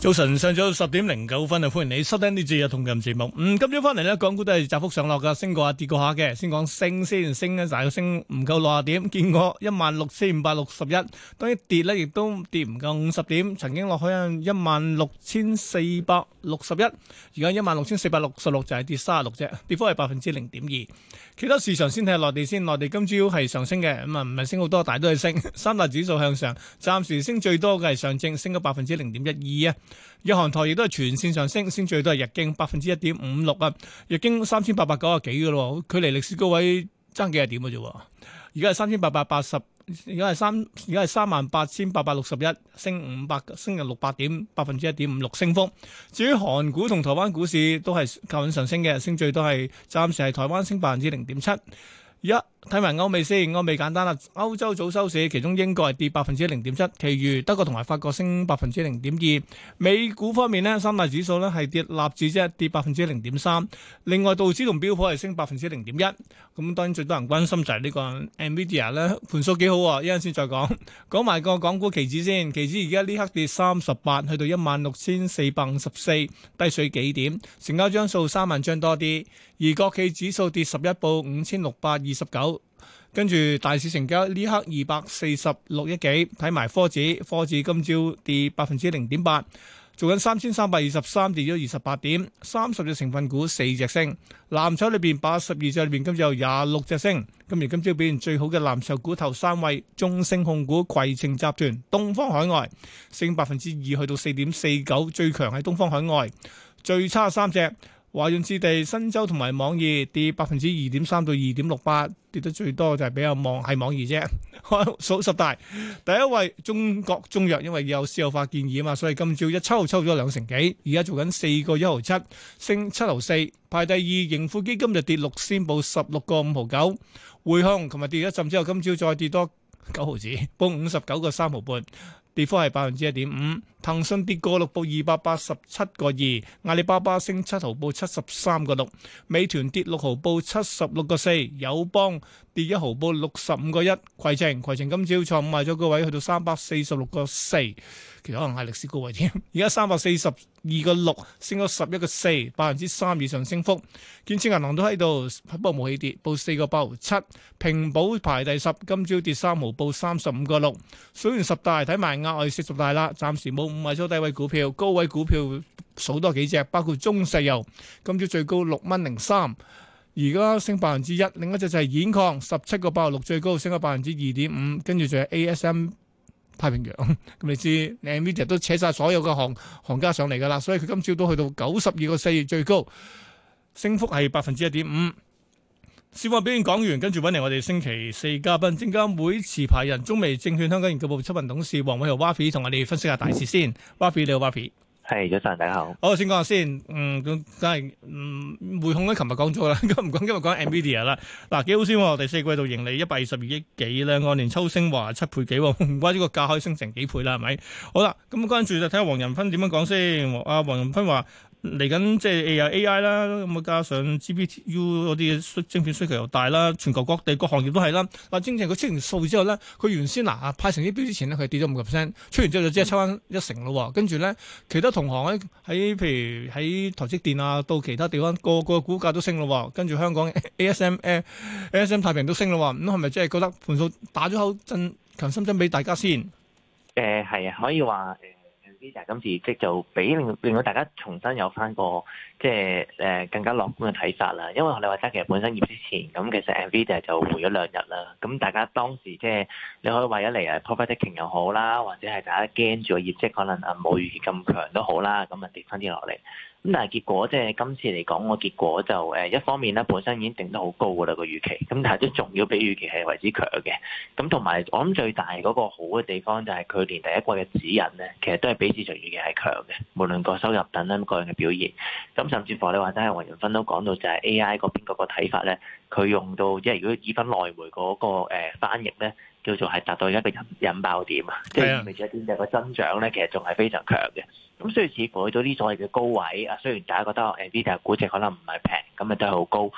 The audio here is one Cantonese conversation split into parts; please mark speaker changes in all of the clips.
Speaker 1: 早晨，上早十點零九分啊！歡迎你收聽呢節《日同人節目》。嗯，今朝翻嚟咧，港股都係窄幅上落噶，升過下，跌過下嘅。先講升先，升咧大概升唔夠六十點，見過一萬六千五百六十一。當啲跌咧，亦都跌唔夠五十點，曾經落去啊一萬六千四百六十一，而家一萬六千四百六十六就係跌三十六啫，跌幅係百分之零點二。其他市場先睇下內地先，內地今朝係上升嘅，咁啊唔係升好多，但係都係升，三大指數向上，暫時升最多嘅係上證，升咗百分之零點一二啊。日韓台亦都係全綫上升，升最多係日經百分之一點五六啊，日經三千八百九十幾噶咯距離歷史高位爭幾十點嘅啫，而家係三千八百八十，而家係三，而家係三萬八千八百六十一，升五百，升入六百點，百分之一點五六升幅。至於韓股同台灣股市都係較穩上升嘅，升最多係暫時係台灣升百分之零點七一。睇埋歐美先，歐美簡單啦。歐洲早收市，其中英國係跌百分之零點七，其餘德國同埋法國升百分之零點二。美股方面咧，三大指數咧係跌納指啫，跌百分之零點三。另外道指同標普係升百分之零點一。咁當然最多人關心就係呢個 Nvidia 咧，盤數幾好，一陣先再講。講埋個港股期指先，期指而家呢刻跌三十八，去到一萬六千四百五十四，低水幾點？成交張數三萬張多啲。而國企指數跌十一，報五千六百二十九。跟住大市成交呢刻二百四十六億幾，睇埋科指，科指今朝跌百分之零點八，做緊三千三百二十三跌咗二十八點，三十隻成分股四隻升，藍籌裏邊八十二隻裏邊今朝有廿六隻升，今年今朝表現最好嘅藍籌股頭三位：，中升控股、携程集團、東方海外，升百分之二去到四點四九，最強係東方海外，最差三隻。華潤置地、新洲同埋網易跌百分之二點三到二點六八，跌得最多就係比較望係網易啫。開 數十大第一位中國中藥，因為有私有化建議啊嘛，所以今朝一抽抽咗兩成幾，而家做緊四個一毫七，升七毫四。排第二盈富基金就跌六仙報十六個五毫九。匯控琴日跌咗一浸之後，今朝再跌多九毫子，報五十九個三毫半。跌幅係百分之一點五。騰訊跌個六，報二百八十七個二；阿里巴巴升七毫，報七十三個六；美團跌六毫，報七十六個四；友邦跌一毫，報六十五個一；攜程攜程今朝創埋咗個位，去到三百四十六個四，其實可能係歷史高位添。而家三百四十二個六，升咗十一個四，百分之三以上升幅。建設銀行都喺度冇乜起跌，報四個八毫七。平保排第十，今朝跌三毫，報三十五個六。數完十大，睇埋額外四十大啦，暫時冇。唔係做低位股票，高位股票數多幾隻，包括中石油，今朝最高六蚊零三，而家升百分之一。另一隻就係兗礦，十七個八六，最高升咗百分之二點五，跟住就係 ASM 太平洋，咁 你知，NVIDIA 都扯晒所有嘅行行家上嚟噶啦，所以佢今朝都去到九十二個四最高，升幅係百分之一點五。小話表演講完，跟住搵嚟我哋星期四嘉賓，證監會持牌人，中微證券香港研究部出品董事黃偉豪 Wafi 同我哋分析下大市先。Wafi 你好，Wafi
Speaker 2: 係早晨，大家好。
Speaker 1: 好，先講下先。嗯，梗係嗯，匯控咧、啊，琴日講咗啦。咁唔講，今日講 Nvidia 啦。嗱、啊，幾好先，我哋第四季度盈利一百二十二億幾啦，按年抽升話七倍幾，唔怪之個價可以升成幾倍啦，係咪？好啦，咁跟住就睇下黃仁勳點樣講先。阿、啊、黃仁勳話。嚟緊即係又 AI 啦，咁啊加上 GPTU 嗰啲嘅需晶片需求又大啦，全球各地各行業都係啦。嗱，之正佢出完數之後咧，佢原先嗱、啊、派成啲表之前咧，佢係跌咗五十 %，percent，出完之後就只係抽翻一成咯。跟住咧，其他同行咧、啊、喺譬如喺台積電啊，到其他地方個,個個股價都升咯。跟住香港 ASM，ASM AS a 太平都升咯。唔通係咪即係覺得盤數打咗口震，強心針俾大家先？
Speaker 2: 誒係啊，可以話。V 字今次業績就俾令令到大家重新有翻個即係誒更加樂觀嘅睇法啦，因為我哋話齋其實本身業績之前咁，其實 NV 字就回咗兩日啦。咁大家當時即係你可以話一嚟啊，profitting 又好啦，或者係大家驚住個業績可能啊冇預期咁強都好啦，咁啊跌翻啲落嚟。咁但係結果即係今次嚟講，個結果就誒一方面咧，本身已經定得好高噶啦個預期。咁但係都仲要比預期係為之強嘅。咁同埋我諗最大嗰個好嘅地方就係佢連第一季嘅指引咧，其實都係比市場預期係強嘅。無論個收入等等各樣嘅表現。咁甚至乎你或者係黃仁勳都講到就係 A I 嗰邊嗰個睇法咧，佢用到即係如果以分內媒嗰個誒、呃、翻譯咧，叫做係達到一個引引爆點啊， 即係意味住佢個增長咧，其實仲係非常強嘅。咁所以似乎去到呢種嘅高位，啊雖然大家覺得 Nvidia 嘅估值可能唔係平，咁啊都係好高，咁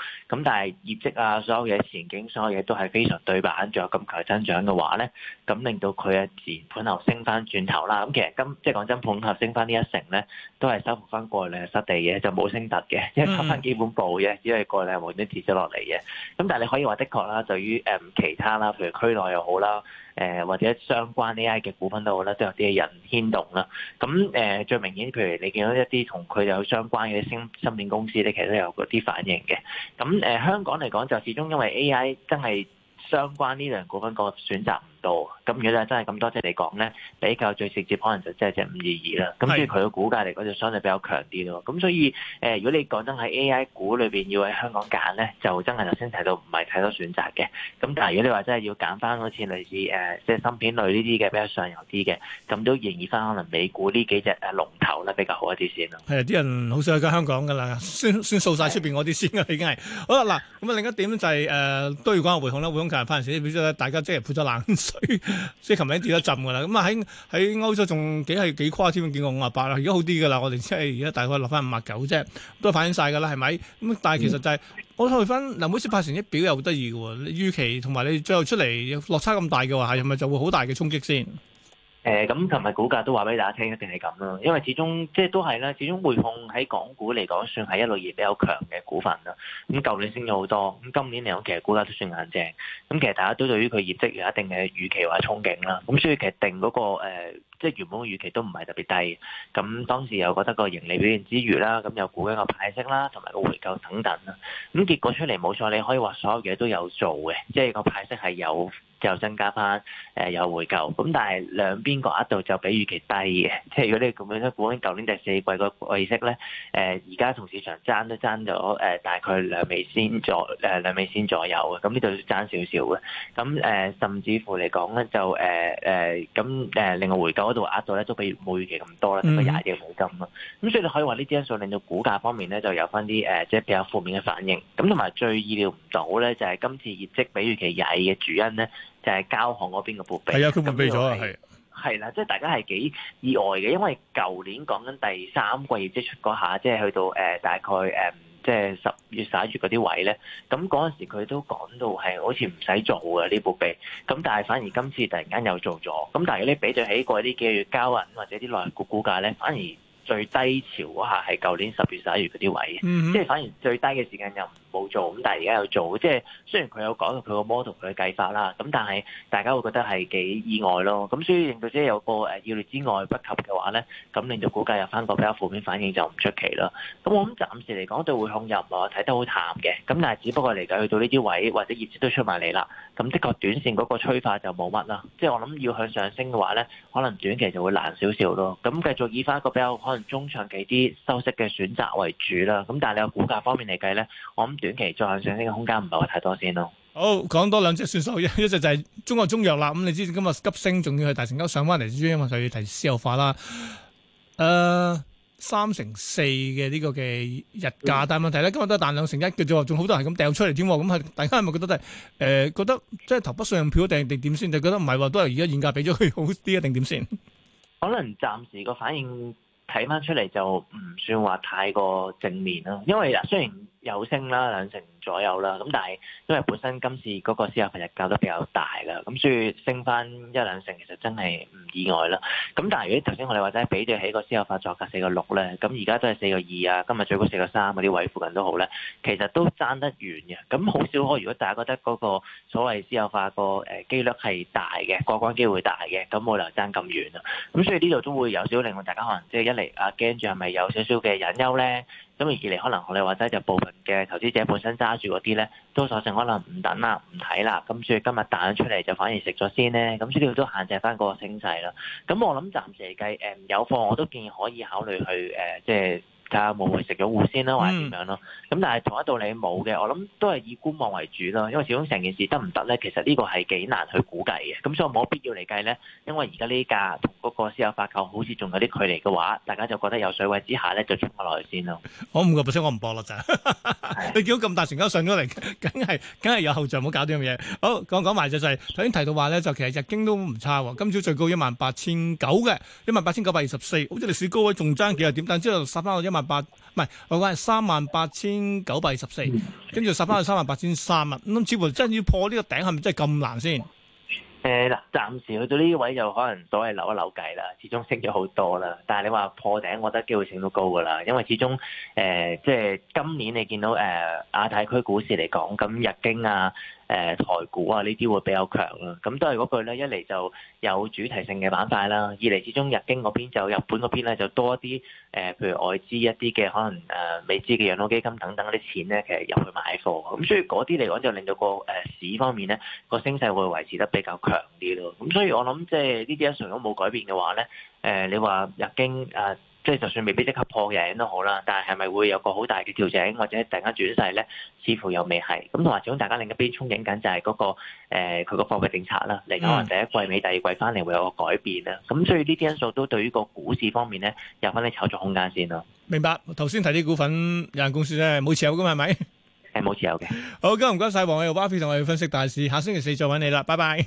Speaker 2: 但係業績啊，所有嘢前景，所有嘢都係非常對版。仲有咁強增長嘅話咧，咁令到佢自然盤後升翻轉頭啦。咁其實今即係講真，盤後升翻呢一成咧，都係收復翻過嚟嘅失地嘅，就冇升突嘅，因為收翻基本盤嘅啫，因為過去兩日冇啲跌咗落嚟嘅。咁但係你可以話，的確啦，對於誒其他啦，譬如區內又好啦。誒或者相關 AI 嘅股份都好啦，都有啲人牽動啦。咁誒最明顯，譬如你見到一啲同佢有相關嘅芯芯片公司咧，其實都有啲反應嘅。咁誒香港嚟講，就始終因為 AI 真係相關呢兩股份個選擇，度，咁如果咧真係咁多隻嚟講咧，比較最直接可能就 22, 是即係隻五二二啦。咁所以佢嘅股價嚟講就相對比較強啲咯。咁所以誒、呃，如果你講真喺 AI 股裏邊要喺香港揀咧，就真係頭先提到唔係太多選擇嘅。咁但係如果你話真係要揀翻好似類似誒、呃，即係芯片類呢啲嘅比較上游啲嘅，咁都仍然翻可能美股呢幾隻誒龍頭咧比較好一啲先
Speaker 1: 咯。係啊，啲人好少去香港㗎啦，先先掃曬出邊嗰啲先㗎已經係。是好啦嗱，咁啊另一點就係誒都要講下匯控啦。匯控，匯控今日翻時，大家即係潑咗冷 所以，即係琴日跌咗浸噶啦。咁啊，喺喺歐洲仲幾係幾誇添，見過五啊八啦。而家好啲噶啦，我哋即係而家大概落翻五啊九啫，都反映晒噶啦，係咪？咁但係其實就係、是、我睇翻嗱，每次派成績表又得意噶，你預期同埋你最後出嚟落差咁大嘅話，係咪就會好大嘅衝擊先？
Speaker 2: 誒咁，琴日、嗯、股價都話俾大家聽，一定係咁咯。因為始終即係都係啦，始終匯控喺港股嚟講，算係一類型比較強嘅股份啦。咁、嗯、舊年升咗好多，咁、嗯、今年嚟講，其實股價都算硬正。咁、嗯、其實大家都對於佢業績有一定嘅預期或者憧憬啦。咁、嗯、所以其實定嗰、嗰個、呃、即係原本嘅預期都唔係特別低。咁、嗯、當時又覺得個盈利表現之餘啦，咁又估計個派息啦，同埋個回購等等啦。咁、嗯、結果出嚟冇錯，你可以話所有嘢都有做嘅，即係個派息係有。就增加翻誒有回購，咁但係兩邊個額度就比預期低嘅。即 係如果你咁樣，股東舊年第四季個利息咧，誒而家同市場爭都爭咗誒大概兩美仙左誒兩美仙左右嘅，咁呢度爭少少嘅。咁誒、呃、甚至乎嚟講咧，就誒誒咁誒另外回購嗰度額度咧都比冇預期咁多啦，差唔多廿億美金咯。咁、嗯、所以你可以話呢啲因素令到股價方面咧就有翻啲誒即係比較負面嘅反應。咁同埋最意料唔到咧，就係今次業績比預期曳嘅主因咧。就係交行嗰邊嘅撥備係啊，佢準備咗啊，係係啦，即係的的大家係幾意外嘅，因為舊年講緊第三季業績出嗰下，即係去到誒、呃、大概誒、呃、即係十月十一月嗰啲位咧，咁嗰陣時佢都講到係好似唔使做嘅呢撥備，咁但係反而今次突然間又做咗，咁但係呢比對起過呢幾個月交銀或者啲內外股股價咧，反而。最低潮嗰下係舊年十月十一月嗰啲位，mm hmm. 即係反而最低嘅時間又冇做，咁但係而家有做，做即係雖然佢有講到佢個 model 佢嘅計法啦，咁但係大家會覺得係幾意外咯。咁所以令到即係有個誒意料之外不及嘅話咧，咁令到估計有翻個比較負面反應就唔出奇咯。咁我諗暫時嚟講對匯控，我睇得好淡嘅。咁但係只不過嚟講去到呢啲位或者業績都出埋嚟啦，咁的確短線嗰個催化就冇乜啦。即係我諗要向上升嘅話咧，可能短期就會難少少咯。咁繼續以翻一個比較。可能中長期啲收息嘅選擇為主啦，咁但係你個股價方面嚟計咧，我諗短期再向上升嘅空間唔係話太多先咯。
Speaker 1: 好，講多兩隻算數，一隻就係中國中藥啦。咁、嗯、你知今日急升，仲要係大成交上翻嚟，主要因為就要提私有化啦。誒、呃，三成四嘅呢個嘅日價，嗯、但係問題咧，今日都係彈兩成一嘅啫，仲好多人咁掉出嚟添。咁係大家係咪覺得係誒、呃？覺得即係投不信任票定定點先？就覺得唔係話都係而家現價比咗佢好啲啊？定點先？
Speaker 2: 可能暫時個反應。 睇翻出嚟就唔算話太過正面咯，因為嗱，雖然，有升啦兩成左右啦，咁但係因為本身今次嗰個私有化日較得比較大啦，咁所以升翻一兩成其實真係唔意外啦。咁但係如果頭先我哋話齋比對起個私有化作價四個六咧，咁而家都係四個二啊，今日最高四個三嗰啲位附近都好咧，其實都爭得遠嘅。咁好少可如果大家覺得嗰個所謂私有化個誒、呃、機率係大嘅過關機會大嘅，咁冇理由爭咁遠啊。咁所以呢度都會有少少令到大家可能即係一嚟啊驚住係咪有少少嘅隱憂咧？咁而二嚟可能我哋話齋就部分嘅投資者本身揸住嗰啲咧，都索性可能唔等啦、唔睇啦，咁所以今日彈咗出嚟就反而食咗先咧，咁所以都限制翻嗰個升勢啦。咁我諗暫時嚟計，誒、呃、有貨我都建議可以考慮去誒、呃，即係。睇下冇冇食咗護先啦，或者點樣咯？咁但係同一道理冇嘅，我諗都係以觀望為主咯。因為始終成件事得唔得咧，其實呢個係幾難去估計嘅。咁所以冇必要嚟計咧。因為而家呢價同嗰個私有發購好似仲有啲距離嘅話，大家就覺得有水位之下咧，就衝落去先咯。
Speaker 1: 我五個 percent 我唔博落咋？哈哈是你見到咁大成交上咗嚟，梗係梗係有後著，唔好搞啲咁嘢。好，我講埋就係頭先提到話咧，就其實日經都唔差喎，今朝最高一萬八千九嘅，一萬八千九百二十四，好似歷史高位仲爭幾廿點，但之後十翻到一萬。八，唔係我講，係三萬八千九百二十四，跟住十三係三萬八千三啊！咁似乎真要破呢個頂，係咪真係咁難先？
Speaker 2: 誒，嗱，暫時去到呢位就可能所謂扭一扭計啦，始終升咗好多啦。但係你話破頂，我覺得機會性都高噶啦，因為始終誒，即係今年你見到誒亞太區股市嚟講，咁日經啊。誒、呃、台股啊，呢啲會比較強啦，啊，咁、嗯、都係嗰句咧，一嚟就有主題性嘅板塊啦，二嚟始終日經嗰邊就日本嗰邊咧就多一啲誒、呃，譬如外資一啲嘅可能誒美資嘅養老基金等等啲錢咧，其實入去買貨。咁、嗯、所以嗰啲嚟講就令到個誒、呃、市方面咧個升勢會維持得比較強啲咯，咁、嗯、所以我諗即係呢啲一常都冇改變嘅話咧，誒、呃、你話日經誒。呃即係就算未必即刻破嘅都好啦，但係係咪會有個好大嘅調整或者突然間轉勢咧？似乎又未係。咁同埋，總大家另一邊憧憬緊就係嗰、那個佢個、呃、貨幣政策啦，嚟緊或者季尾第二季翻嚟會有個改變啦。咁、嗯、所以呢啲因素都對於個股市方面咧有翻啲炒作空間先咯。
Speaker 1: 明白。頭先提啲股份有限公司啫，冇持有㗎嘛？係咪？
Speaker 2: 誒 冇持有嘅。
Speaker 1: 好，今日唔該晒黃偉豪同我哋分析大市，下星期四再揾你啦，拜拜。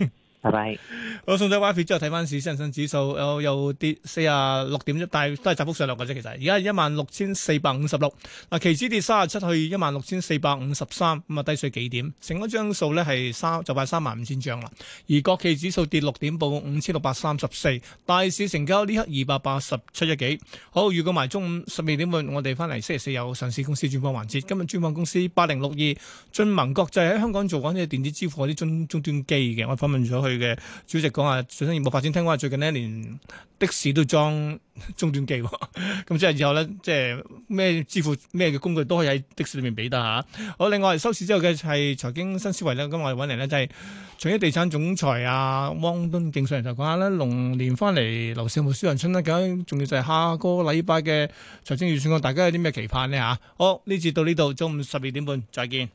Speaker 1: 拜拜。好，送咗 WiFi 之後睇翻市，恒生指數又有跌四啊六點啫，但係都係窄幅上落嘅啫。其實而家一萬六千四百五十六，嗱，期指跌三啊七去一萬六千四百五十三，咁啊低水幾點。成交張數咧係三，3, 就快三萬五千張啦。而國企指數跌六點，報五千六百三十四。大市成交呢刻二百八十七億幾。好，預告埋中午十二點半，我哋翻嚟星期四有上市公司專訪環節。今日專訪公司八零六二晉盟國際喺、就是、香港做緊啲電子支付嗰啲中終端機嘅，我訪問咗佢。嘅主席講啊，最新業務發展，聽講話最近呢連的士都裝終端機，咁即係以後咧，即係咩支付咩嘅工具都可以喺的士裏面俾得吓。好，另外收市之後嘅係財經新思維咧，今日揾嚟呢，就係長實地產總裁阿汪敦政上人就講下呢龍年翻嚟樓市有冇少人出得嘅？仲要就係下個禮拜嘅財政預算案，大家有啲咩期盼呢？吓？好，呢節到呢度，中午十二點半再見。